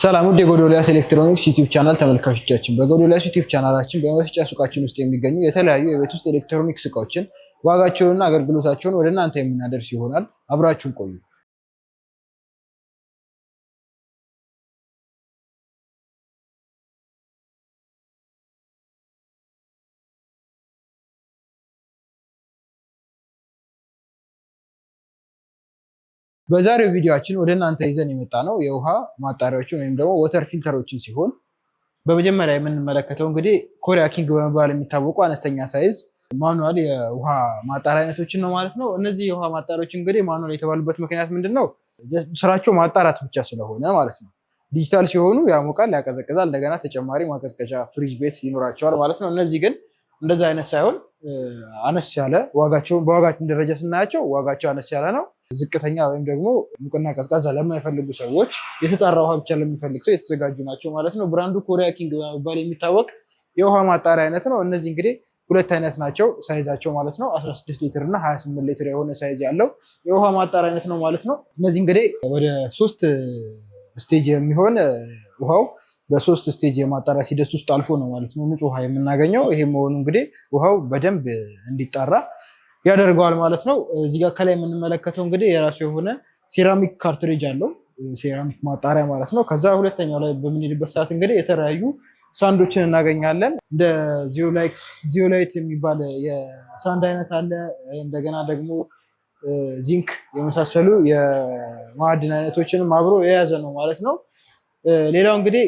ሰላም ውድ የጎዶልያስ ኤሌክትሮኒክስ ዩቲዩብ ቻናል ተመልካቾቻችን፣ በጎዶልያስ ዩቲዩብ ቻናላችን በመሸጫ ሱቃችን ውስጥ የሚገኙ የተለያዩ የቤት ውስጥ ኤሌክትሮኒክስ እቃዎችን ዋጋቸውንና አገልግሎታቸውን ወደ እናንተ የምናደርስ ይሆናል። አብራችሁን ቆዩ። በዛሬው ቪዲዮችን ወደ እናንተ ይዘን የመጣ ነው የውሃ ማጣሪያዎችን ወይም ደግሞ ወተር ፊልተሮችን ሲሆን በመጀመሪያ የምንመለከተው እንግዲህ ኮሪያ ኪንግ በመባል የሚታወቁ አነስተኛ ሳይዝ ማኑዋል የውሃ ማጣሪያ አይነቶችን ነው ማለት ነው። እነዚህ የውሃ ማጣሪያዎች እንግዲህ ማኑዋል የተባሉበት ምክንያት ምንድን ነው? ስራቸው ማጣራት ብቻ ስለሆነ ማለት ነው። ዲጂታል ሲሆኑ ያሞቃል፣ ያቀዘቅዛል። እንደገና ተጨማሪ ማቀዝቀዣ ፍሪጅ ቤት ይኖራቸዋል ማለት ነው። እነዚህ ግን እንደዚህ አይነት ሳይሆን አነስ ያለ ዋጋቸው በዋጋችን ደረጃ ስናያቸው ዋጋቸው አነስ ያለ ነው። ዝቅተኛ ወይም ደግሞ ሙቅና ቀዝቃዛ ለማይፈልጉ ሰዎች የተጣራ ውሃ ብቻ ለሚፈልግ ሰው የተዘጋጁ ናቸው ማለት ነው። ብራንዱ ኮሪያ ኪንግ በመባል የሚታወቅ የውሃ ማጣሪያ አይነት ነው። እነዚህ እንግዲህ ሁለት አይነት ናቸው ሳይዛቸው ማለት ነው። 16 ሊትር እና 28 ሊትር የሆነ ሳይዝ ያለው የውሃ ማጣሪያ አይነት ነው ማለት ነው። እነዚህ እንግዲህ ወደ ሶስት ስቴጅ የሚሆን ውሃው በሶስት ስቴጅ የማጣሪያ ሂደት ውስጥ አልፎ ነው ማለት ነው ንጹህ ውሃ የምናገኘው። ይሄ መሆኑ እንግዲህ ውሃው በደንብ እንዲጣራ ያደርገዋል ማለት ነው። እዚህ ጋር ከላይ የምንመለከተው እንግዲህ የራሱ የሆነ ሴራሚክ ካርትሬጅ አለው፣ ሴራሚክ ማጣሪያ ማለት ነው። ከዛ ሁለተኛው ላይ በምንሄድበት ሰዓት እንግዲህ የተለያዩ ሳንዶችን እናገኛለን። እንደ ዚዮላይት የሚባል የሳንድ አይነት አለ። እንደገና ደግሞ ዚንክ የመሳሰሉ የማዕድን አይነቶችንም አብሮ የያዘ ነው ማለት ነው። ሌላው እንግዲህ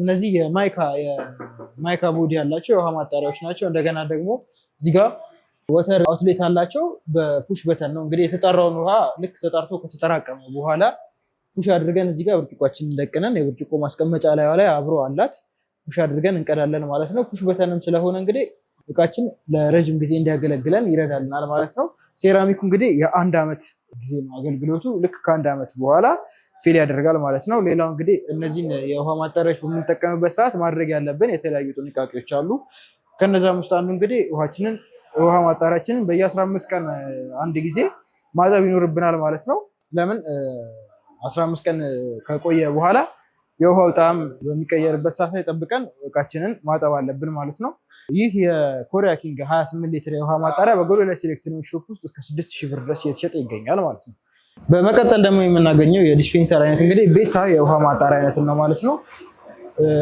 እነዚህ የማይካ ቦዲ ያላቸው የውሃ ማጣሪያዎች ናቸው። እንደገና ደግሞ እዚህ ጋር ወተር አውትሌት አላቸው። በፑሽ በተን ነው እንግዲህ የተጠራውን ውሃ ልክ ተጠርቶ ከተጠራቀመ በኋላ ፑሽ አድርገን እዚህ ጋር ብርጭቆችን እንደቅነን የብርጭቆ ማስቀመጫ ላይ ላይ አብሮ አላት ፑሽ አድርገን እንቀዳለን ማለት ነው። ፑሽ በተንም ስለሆነ እንግዲህ እቃችን ለረጅም ጊዜ እንዲያገለግለን ይረዳልናል ማለት ነው። ሴራሚኩ እንግዲህ የአንድ ዓመት ጊዜ ነው አገልግሎቱ። ልክ ከአንድ ዓመት በኋላ ፌል ያደርጋል ማለት ነው። ሌላው እንግዲህ እነዚህን የውሃ ማጣሪያዎች በምንጠቀምበት ሰዓት ማድረግ ያለብን የተለያዩ ጥንቃቄዎች አሉ። ከነዚም ውስጥ አንዱ እንግዲህ ውሃችንን የውሃ ማጣሪያችንን በየ15 ቀን አንድ ጊዜ ማጠብ ይኖርብናል ማለት ነው። ለምን 15 ቀን ከቆየ በኋላ የውሃው ጣዕም በሚቀየርበት ሰዓት ላይ ጠብቀን እቃችንን ማጠብ አለብን ማለት ነው። ይህ የኮሪያ ኪንግ 28 ሊትር የውሃ ማጣሪያ በጎዶልያስ ኤሌክትሮኒክስ ሾፕ ውስጥ እስከ 6 ብር ድረስ እየተሸጠ ይገኛል ማለት ነው። በመቀጠል ደግሞ የምናገኘው የዲስፔንሰር አይነት እንግዲህ ቤታ የውሃ ማጣሪያ አይነት ነው ማለት ነው።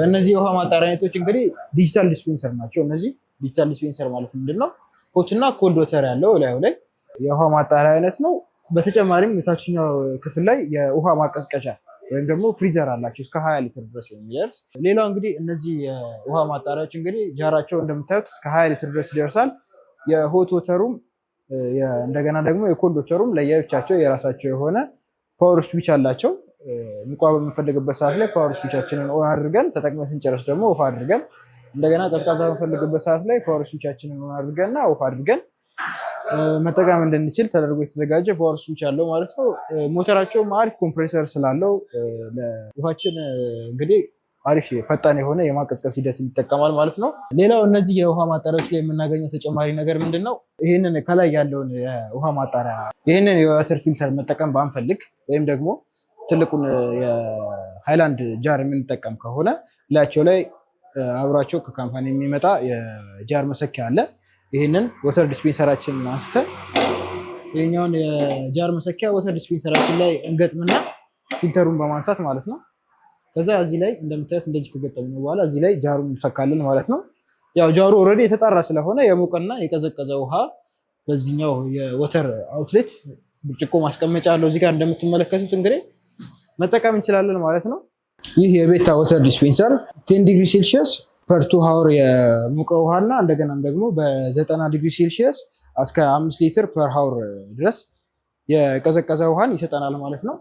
እነዚህ የውሃ ማጣሪያ አይነቶች እንግዲህ ዲጂታል ዲስፔንሰር ናቸው። እነዚህ ዲጂታል ዲስፔንሰር ማለት ምንድን ነው? ኮትና ኮልድ ወተር ያለው ላዩ ላይ የውሃ ማጣሪያ አይነት ነው። በተጨማሪም የታችኛው ክፍል ላይ የውሃ ማቀዝቀዣ ወይም ደግሞ ፍሪዘር አላቸው እስከ ሀያ ሊትር ድረስ የሚደርስ ሌላው እንግዲህ እነዚህ የውሃ ማጣሪያዎች እንግዲህ ጃራቸው እንደምታዩት እስከ ሀያ ሊትር ድረስ ይደርሳል። የሆት ወተሩም እንደገና ደግሞ የኮልድ ወተሩም ለየብቻቸው የራሳቸው የሆነ ፓወር ስዊች አላቸው። ሙቋ በምንፈልግበት ሰዓት ላይ ፓወር ስዊቻችንን ኦን አድርገን ተጠቅመ ስንጨረስ ደግሞ ውሃ አድርገን እንደገና ቀዝቃዛ በፈልግበት ሰዓት ላይ ፓወር ስዊቻችንን ሆን አድርገንና አድርገን መጠቀም እንድንችል ተደርጎ የተዘጋጀ ፓወር ስዊች አለው ማለት ነው። ሞተራቸውም አሪፍ ኮምፕሬሰር ስላለው ውሃችን እንግዲህ አሪፍ ፈጣን የሆነ የማቀዝቀዝ ሂደት ይጠቀማል ማለት ነው። ሌላው እነዚህ የውሃ ማጣሪያዎች ላይ የምናገኘው ተጨማሪ ነገር ምንድን ነው? ይህንን ከላይ ያለውን የውሃ ማጣሪያ ይህንን የወተር ፊልተር መጠቀም ባንፈልግ ወይም ደግሞ ትልቁን የሃይላንድ ጃር የምንጠቀም ከሆነ ላያቸው ላይ አብሯቸው ከካምፓኒ የሚመጣ የጃር መሰኪያ አለ። ይህንን ወተር ዲስፔንሰራችን አንስተን ይህኛውን የጃር መሰኪያ ወተር ዲስፔንሰራችን ላይ እንገጥምና ፊልተሩን በማንሳት ማለት ነው። ከዛ እዚህ ላይ እንደምታዩት እንደዚህ ከገጠም በኋላ እዚህ ላይ ጃሩን እንሰካለን ማለት ነው። ያው ጃሩ ኦልሬዲ የተጣራ ስለሆነ የሞቀና የቀዘቀዘ ውሃ በዚህኛው የወተር አውትሌት ብርጭቆ ማስቀመጫ አለው እዚህ ጋር እንደምትመለከቱት እንግዲህ መጠቀም እንችላለን ማለት ነው። ይህ የቤታ ወተር ዲስፔንሰር ቴን ዲግሪ ሴልሺየስ ፐርቱ ሀወር የሙቀ ውሃና እንደገናም ደግሞ በዘጠና ዲግሪ ሴልሺየስ እስከ አምስት ሊትር ፐር ሀውር ድረስ የቀዘቀዘ ውሃን ይሰጠናል ማለት ነው።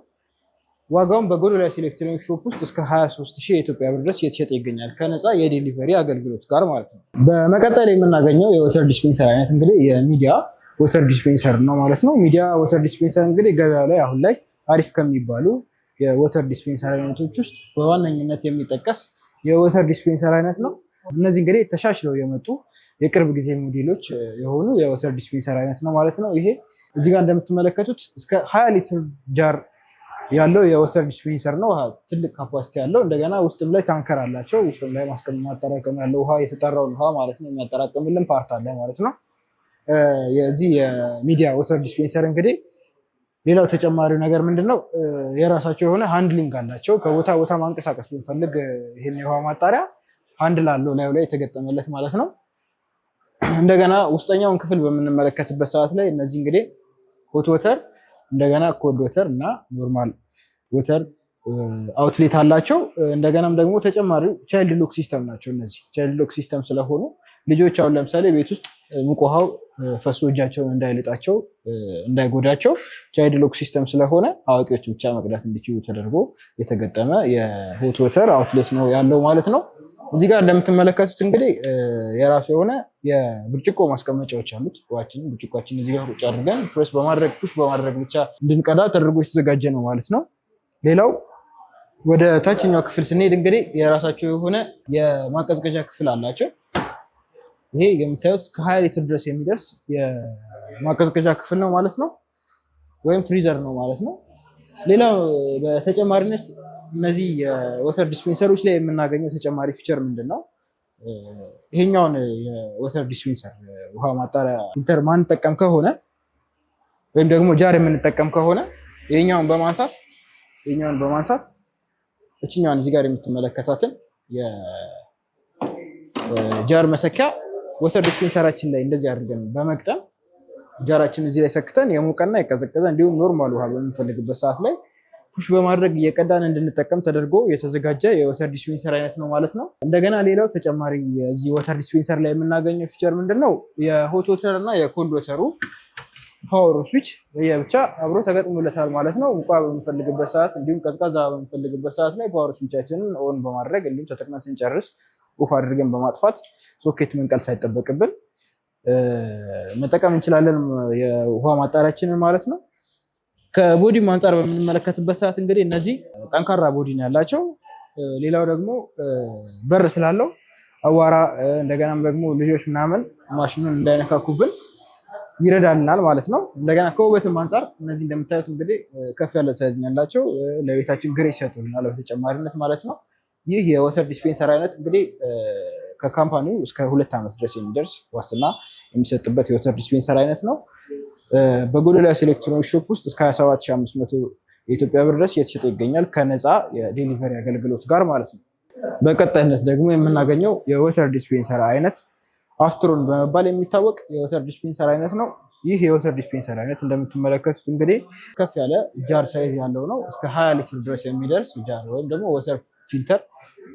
ዋጋውም በጎዶልያስ ኤሌክትሮኒክ ሾፕ ውስጥ እስከ 23 ሺህ የኢትዮጵያ ብር ድረስ እየተሸጠ ይገኛል ከነፃ የዴሊቨሪ አገልግሎት ጋር ማለት ነው። በመቀጠል የምናገኘው የወተር ዲስፔንሰር አይነት እንግዲህ የሚዲያ ወተር ዲስፔንሰር ነው ማለት ነው። ሚዲያ ወተር ዲስፔንሰር እንግዲህ ገበያ ላይ አሁን ላይ አሪፍ ከሚባሉ የወተር ዲስፔንሰር አይነቶች ውስጥ በዋነኝነት የሚጠቀስ የወተር ዲስፔንሰር አይነት ነው። እነዚህ እንግዲህ ተሻሽለው የመጡ የቅርብ ጊዜ ሞዴሎች የሆኑ የወተር ዲስፔንሰር አይነት ነው ማለት ነው። ይሄ እዚህ ጋር እንደምትመለከቱት እስከ ሀያ ሊትር ጃር ያለው የወተር ዲስፔንሰር ነው። ትልቅ ካፓሲቲ ያለው እንደገና ውስጥም ላይ ታንከር አላቸው። ውስጥም ላይ ማጠራቀም ያለው ውሃ የተጠራውን ውሃ ማለት ነው የሚያጠራቅምልን ፓርት አለ ማለት ነው። የዚህ የሚዲያ ወተር ዲስፔንሰር እንግዲህ ሌላው ተጨማሪው ነገር ምንድን ነው? የራሳቸው የሆነ ሃንድሊንግ አላቸው። ከቦታ ቦታ ማንቀሳቀስ ብንፈልግ ይህን የውሃ ማጣሪያ ሃንድል አለው ላዩ ላይ የተገጠመለት ማለት ነው። እንደገና ውስጠኛውን ክፍል በምንመለከትበት ሰዓት ላይ እነዚህ እንግዲህ ሆት ወተር፣ እንደገና ኮልድ ወተር እና ኖርማል ወተር አውትሌት አላቸው። እንደገናም ደግሞ ተጨማሪ ቻይልድ ሎክ ሲስተም ናቸው። እነዚህ ቻይልድ ሎክ ሲስተም ስለሆኑ ልጆች አሁን ለምሳሌ ቤት ውስጥ ሙቅ ውሃው ፈሶ እጃቸውን እንዳይልጣቸው እንዳይጎዳቸው ቻይልድ ሎክ ሲስተም ስለሆነ አዋቂዎች ብቻ መቅዳት እንዲችሉ ተደርጎ የተገጠመ የሆት ወተር አውትሌት ነው ያለው ማለት ነው። እዚህ ጋር እንደምትመለከቱት እንግዲህ የራሱ የሆነ የብርጭቆ ማስቀመጫዎች አሉት። ውሃችንን ብርጭቋችን እዚህ ጋር ቁጭ አድርገን ፕሬስ በማድረግ ፑሽ በማድረግ ብቻ እንድንቀዳ ተደርጎ የተዘጋጀ ነው ማለት ነው። ሌላው ወደ ታችኛው ክፍል ስንሄድ እንግዲህ የራሳቸው የሆነ የማቀዝቀዣ ክፍል አላቸው። ይሄ የምታዩት እስከ ሀያ ሊትር ድረስ የሚደርስ የማቀዝቀዣ ክፍል ነው ማለት ነው፣ ወይም ፍሪዘር ነው ማለት ነው። ሌላው በተጨማሪነት እነዚህ የወተር ዲስፔንሰሮች ላይ የምናገኘው ተጨማሪ ፊቸር ምንድን ነው? ይሄኛውን የወተር ዲስፔንሰር ውሃ ማጣሪያ ፊልተር ማንጠቀም ከሆነ ወይም ደግሞ ጃር የምንጠቀም ከሆነ ይሄኛውን በማንሳት ይሄኛውን በማንሳት እችኛውን እዚህ ጋር የምትመለከቷትን የጃር መሰኪያ ወተር ዲስፔንሰራችን ላይ እንደዚህ አድርገን በመግጠም ጃራችን እዚህ ላይ ሰክተን የሞቀና የቀዘቀዘ እንዲሁም ኖርማል ውሃ በምንፈልግበት ሰዓት ላይ ፑሽ በማድረግ እየቀዳን እንድንጠቀም ተደርጎ የተዘጋጀ የወተር ዲስፔንሰር አይነት ነው ማለት ነው። እንደገና ሌላው ተጨማሪ እዚህ ወተር ዲስፔንሰር ላይ የምናገኘው ፊቸር ምንድን ነው? የሆት ወተር እና የኮልድ ወተሩ ፓወር ስዊች ብቻ አብሮ ተገጥሞለታል ማለት ነው። ሙቃ በምንፈልግበት ሰዓት እንዲሁም ቀዝቃዛ በምንፈልግበት ሰዓት ላይ ፓወር ስዊቻችንን ኦን በማድረግ እንዲሁም ተጠቅመን ስንጨርስ ኦፍ አድርገን በማጥፋት ሶኬት መንቀል ሳይጠበቅብን መጠቀም እንችላለን የውሃ ማጣሪያችንን ማለት ነው። ከቦዲም አንጻር በምንመለከትበት ሰዓት እንግዲህ እነዚህ ጠንካራ ነው ያላቸው፣ ሌላው ደግሞ በር ስላለው አዋራ እንደገናም ደግሞ ልጆች ምናምን ማሽኑን እንዳይነካኩብን ይረዳልናል ማለት ነው። እንደገና ከውበትም አንጻር እነዚህ እንደምታዩት እንግዲህ ከፍ ያለ ሳይዝ ያላቸው ለቤታችን ግሬ ይሰጡልናል በተጨማሪነት ማለት ነው። ይህ የወተር ዲስፔንሰር አይነት እንግዲህ ከካምፓኒው እስከ ሁለት ዓመት ድረስ የሚደርስ ዋስትና የሚሰጥበት የወተር ዲስፔንሰር አይነት ነው። በጎዶልያስ ኤሌክትሮኒክ ሾፕ ውስጥ እስከ 27500 የኢትዮጵያ ብር ድረስ እየተሸጠ ይገኛል ከነፃ የዴሊቨሪ አገልግሎት ጋር ማለት ነው። በቀጣይነት ደግሞ የምናገኘው የወተር ዲስፔንሰር አይነት አፍትሮን በመባል የሚታወቅ የወተር ዲስፔንሰር አይነት ነው። ይህ የወተር ዲስፔንሰር አይነት እንደምትመለከቱት እንግዲህ ከፍ ያለ ጃር ሳይዝ ያለው ነው። እስከ 20 ሊትር ድረስ የሚደርስ ጃር ወይም ደግሞ ወተር ፊልተር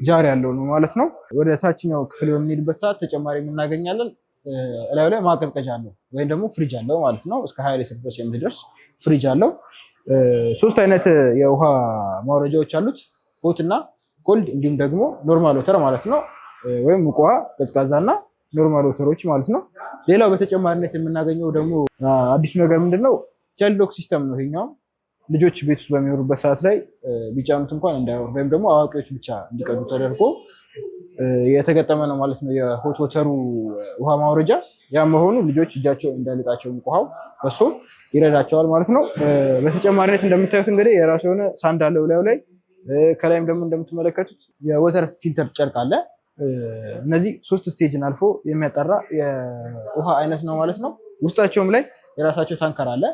ጃር ያለው ነው ማለት ነው። ወደ ታችኛው ክፍል በምንሄድበት ሰዓት ተጨማሪ የምናገኛለን። እላዩ ላይ ማቀዝቀዣ አለው ወይም ደግሞ ፍሪጅ አለው ማለት ነው። እስከ ሀያ ሊትር ድረስ የምትደርስ ፍሪጅ አለው። ሶስት አይነት የውሃ ማውረጃዎች አሉት። ሆት እና ኮልድ እንዲሁም ደግሞ ኖርማል ወተር ማለት ነው። ወይም ሙቅ ውሃ፣ ቀዝቃዛ እና ኖርማል ወተሮች ማለት ነው። ሌላው በተጨማሪነት የምናገኘው ደግሞ አዲሱ ነገር ምንድን ነው? ቻይልድ ሎክ ሲስተም ነው ይሄኛውም ልጆች ቤት ውስጥ በሚኖሩበት ሰዓት ላይ ቢጫኑት እንኳን እንዳይወር ወይም ደግሞ አዋቂዎች ብቻ እንዲቀዱ ተደርጎ የተገጠመ ነው ማለት ነው የሆት ወተሩ ውሃ ማውረጃ። ያም መሆኑ ልጆች እጃቸው እንዳይልጣቸው ውሃው በሶ ይረዳቸዋል ማለት ነው። በተጨማሪነት እንደምታዩት እንግዲህ የራሱ የሆነ ሳንድ አለው ላዩ ላይ። ከላይም ደግሞ እንደምትመለከቱት የወተር ፊልተር ጨርቅ አለ። እነዚህ ሶስት ስቴጅን አልፎ የሚያጠራ የውሃ አይነት ነው ማለት ነው። ውስጣቸውም ላይ የራሳቸው ታንከር አለ።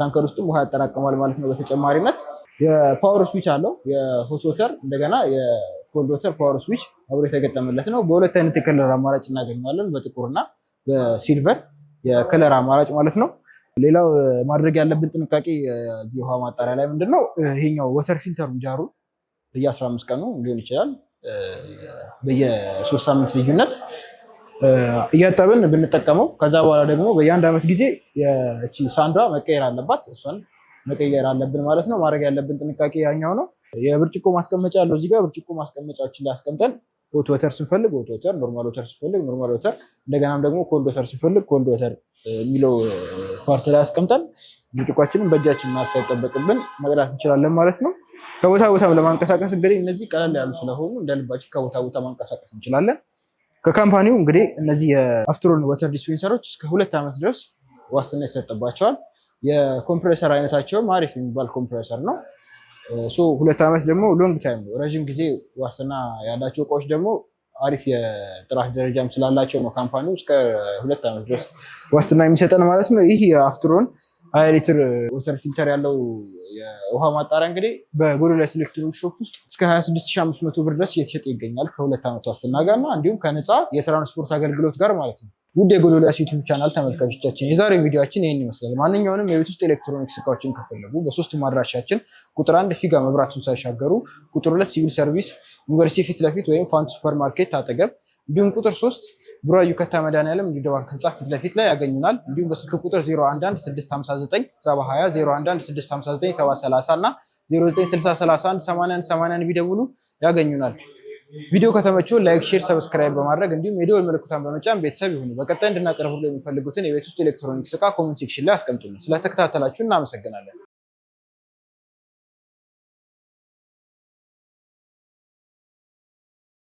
ታንከር ውስጥም ውሃ ያጠራቅማል ማለት ነው። በተጨማሪነት የፓወር ስዊች አለው። የሆት ወተር እንደገና የኮልድ ወተር ፓወር ስዊች አብሮ የተገጠመለት ነው። በሁለት አይነት የከለር አማራጭ እናገኘዋለን፣ በጥቁርና በሲልቨር የከለር አማራጭ ማለት ነው። ሌላው ማድረግ ያለብን ጥንቃቄ እዚህ ውሃ ማጣሪያ ላይ ምንድን ነው ይሄኛው ወተር ፊልተሩን ጃሩ በየ15 ቀኑ ሊሆን ይችላል በየሶስት ሳምንት ልዩነት እያጠብን ብንጠቀመው ከዛ በኋላ ደግሞ በየአንድ ዓመት ጊዜ እቺ ሳንዷ መቀየር አለባት። እሷን መቀየር አለብን ማለት ነው። ማድረግ ያለብን ጥንቃቄ ያኛው ነው። የብርጭቆ ማስቀመጫ ያለው እዚጋ ብርጭቆ ማስቀመጫዎችን ላይ አስቀምጠን ሆት ወተር ስንፈልግ ሆት ወተር፣ ኖርማል ወተር ስንፈልግ ኖርማል ወተር፣ እንደገናም ደግሞ ኮልድ ወተር ስንፈልግ ኮልድ ወተር የሚለው ፓርት ላይ አስቀምጠን ብርጭቋችንን በእጃችን ማሳይጠበቅብን መቅዳት እንችላለን ማለት ነው። ከቦታ ቦታም ለማንቀሳቀስ እንግዲህ እነዚህ ቀለል ያሉ ስለሆኑ እንደልባችን ከቦታ ቦታ ማንቀሳቀስ እንችላለን። ከካምፓኒው እንግዲህ እነዚህ የአፍትሮን ወተር ዲስፔንሰሮች እስከ ሁለት ዓመት ድረስ ዋስትና ይሰጥባቸዋል። የኮምፕሬሰር አይነታቸውም አሪፍ የሚባል ኮምፕሬሰር ነው። ሁለት ዓመት ደግሞ ሎንግ ታይም ነው፣ ረዥም ጊዜ ዋስትና ያላቸው እቃዎች ደግሞ አሪፍ የጥራት ደረጃም ስላላቸው ነው ካምፓኒው እስከ ሁለት ዓመት ድረስ ዋስትና የሚሰጠን ማለት ነው። ይህ የአፍትሮን ሀያ ሊትር ወተር ፊልተር ያለው የውሃ ማጣሪያ እንግዲህ በጎዶልያስ ኤሌክትሮኒክ ሾፕ ውስጥ እስከ 26500 ብር ድረስ እየተሸጠ ይገኛል ከሁለት ዓመት ዋስትና ጋር እና እንዲሁም ከነፃ የትራንስፖርት አገልግሎት ጋር ማለት ነው። ውድ የጎዶልያስ ዩቲዩብ ቻናል ተመልካቾቻችን የዛሬ ቪዲዮችን ይህን ይመስላል። ማንኛውንም የቤት ውስጥ ኤሌክትሮኒክስ እቃዎችን ከፈለጉ በሶስት ማድራሻችን ቁጥር አንድ ፊጋ መብራቱን ሳይሻገሩ፣ ቁጥር ሁለት ሲቪል ሰርቪስ ዩኒቨርሲቲ ፊት ለፊት ወይም ፋንት ሱፐርማርኬት አጠገብ እንዲሁም ቁጥር ሶስት ቡራዩ ከታ መድኃኒዓለም ንግድ ባንክ ህንፃ ፊት ለፊት ላይ ያገኙናል። እንዲሁም በስልክ ቁጥር 0116597020፣ 0116597030 እና 0960318181 ቢደውሉ ያገኙናል። ቪዲዮ ከተመቸው ላይክ፣ ሼር፣ ሰብስክራይብ በማድረግ እንዲሁም የደወል ምልክቷን በመጫን ቤተሰብ ይሁኑ። በቀጣይ እንድናቀርብላችሁ የሚፈልጉትን የቤት ውስጥ ኤሌክትሮኒክስ ዕቃ ኮሜንት ሴክሽን ላይ አስቀምጡልን። ስለተከታተላችሁ እናመሰግናለን።